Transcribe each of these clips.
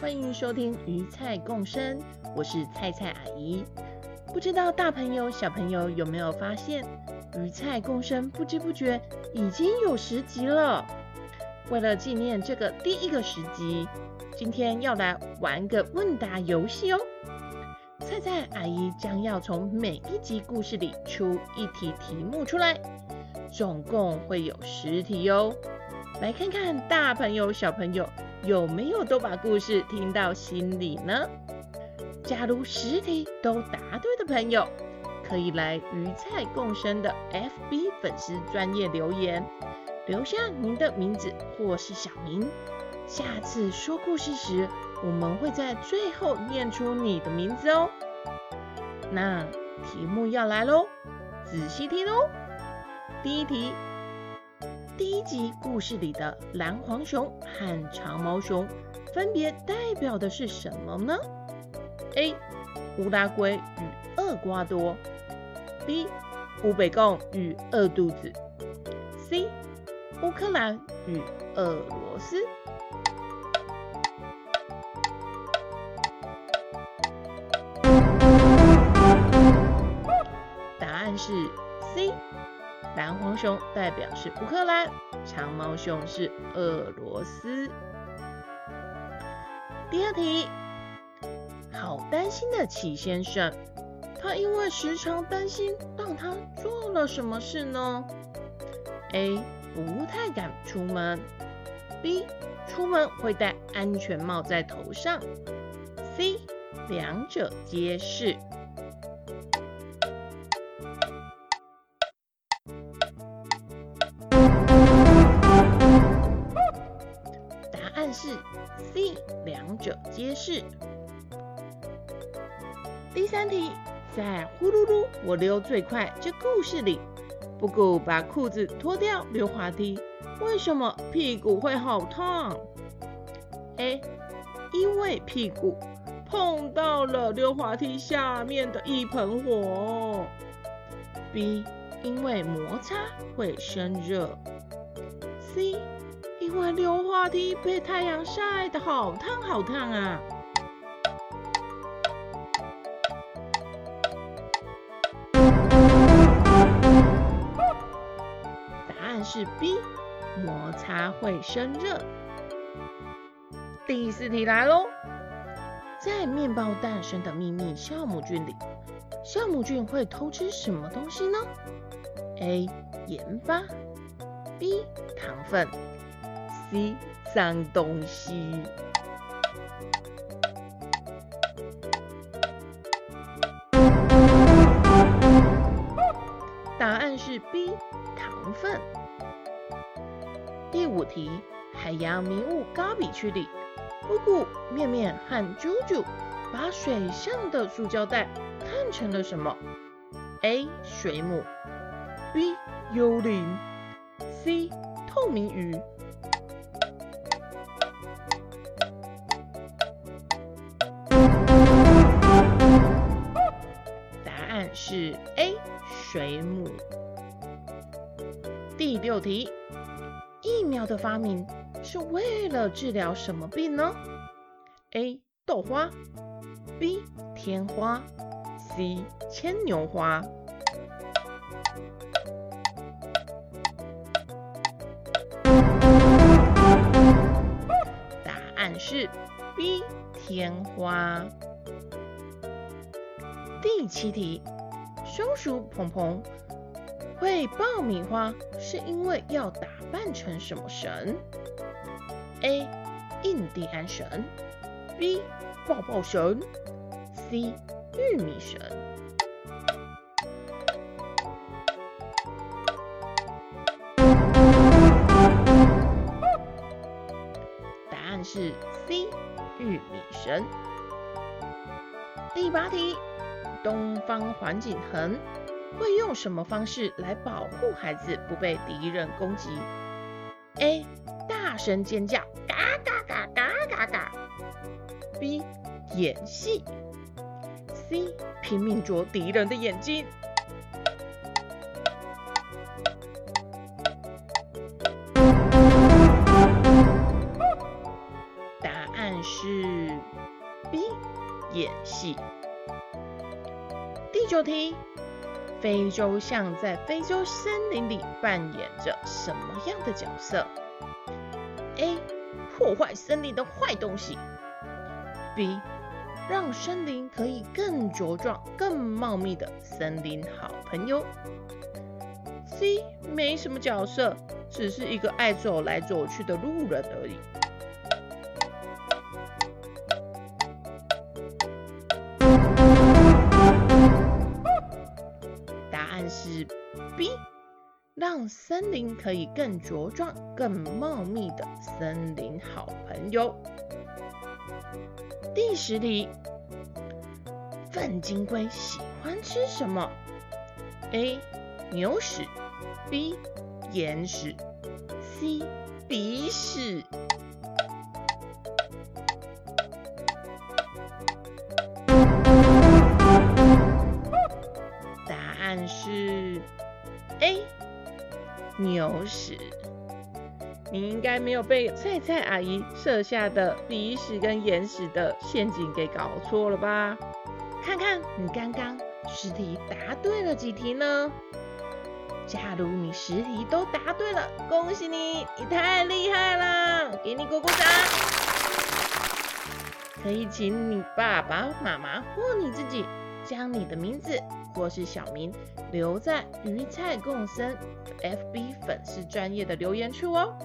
歡迎收聽《魚菜共聲》，我是菜菜阿姨。不知道大朋友、小朋友有沒有發現，《魚菜共聲》不知不覺已經有十集了。為了紀念這個第一個十集，今天要來玩個問答遊戲哦。菜菜阿姨將要從每一集故事裡出一題題目出來，總共會有十題哦。來看看大朋友、小朋友。有沒有都把故事聽到心裡呢？假如十題都答對的朋友，可以來魚菜共聲的 FB 粉絲專頁留言，留下您的名字或是小名。下次說故事時，我們會在最後念出你的名字哦。那題目要來嘍，仔細聽哦。第一題。第一集故事裡的藍黃熊和長毛熊，分別代表的是什麼呢？A. 烏拉圭與厄瓜多；B. 烏北貢與餓肚子；C. 烏克蘭與俄羅斯。答案是 C。藍黃熊代表是烏克蘭，長毛熊是俄羅斯。第二題，好擔心的齊先生，他因為時常擔心，讓他做了什麼事呢？A. 不太敢出門。B. 出門會戴安全帽在頭上。C. 兩者皆是。C，兩者皆是。第三題，在“呼嚕嚕，我溜最快”這故事裡，布穀把褲子脫掉溜滑梯，為什麼屁股會好燙？A，因為屁股碰到了溜滑梯下面的一盆火。B，因為摩擦會生熱。C，我溜滑梯，被太陽曬得好燙好燙啊！答案是 B，摩擦會生熱。第四題來嘍，在面包誕生的秘密酵母菌裡，酵母菌會偷吃什麼東西呢？A 鹽巴，B 糖分。C 髒東西。答案是 B，糖分。第五題，海洋迷霧咖比區裡，姑姑面面和啾啾把水上的塑膠袋看成了什麼？A 水母，B 幽靈，C 透明魚。是 A 水母。第六題，疫苗的發明是為了治療什麼病呢？A 豆花，B 天花，C 牽牛花。答案是 B 天花。第七題。松鼠蓬蓬會爆米花，是因為要打扮成什麼神？A. 印第安神 B. 爆爆神 C. 玉米神。答案是 C. 玉米神。第八題。東方環頸鴴會用什麼方式來保護孩子不被敵人攻擊？A. 大聲尖叫，嘎嘎嘎嘎嘎嘎。B. 演戲。C. 拼命啄敵人的眼睛。問題：非洲象在非洲森林裡扮演着什麼樣的角色？A. 破壞森林的壞東西。B. 讓森林可以更茁壯、更茂密的森林好朋友。C. 沒什麼角色，只是一個愛走來走去的路人而已。是 B，讓森林可以更茁壯、更茂密的森林好朋友。第十題，糞金龜喜歡吃什麼？A 牛屎，B 眼屎，C 鼻屎。但是，哎，A? 牛屎，你應該沒有被菜菜阿姨設下的鼻屎跟眼屎的陷阱給搞錯了吧？看看你剛剛十題答對了幾題呢？假如你十題都答對了，恭喜你，你太厲害了，給你鼓鼓掌。可以請你爸爸媽媽或你自己，將你的名字或是小名留在魚菜共聲 FB 粉絲專頁的留言處哦，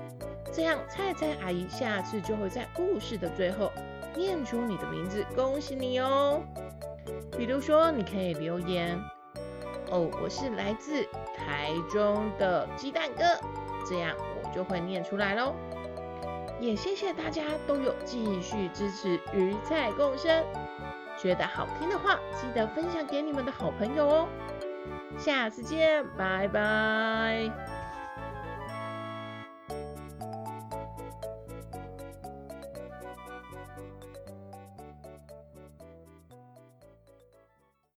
這樣菜菜阿姨下次就會在故事的最後念出你的名字，恭喜你哦。比如說，你可以留言哦，我是來自台中的雞蛋哥，這樣我就會念出來嘍。也謝謝大家都有繼續支持魚菜共聲。覺得好聽的話，記得分享給你們的好朋友哦。下次見，拜拜。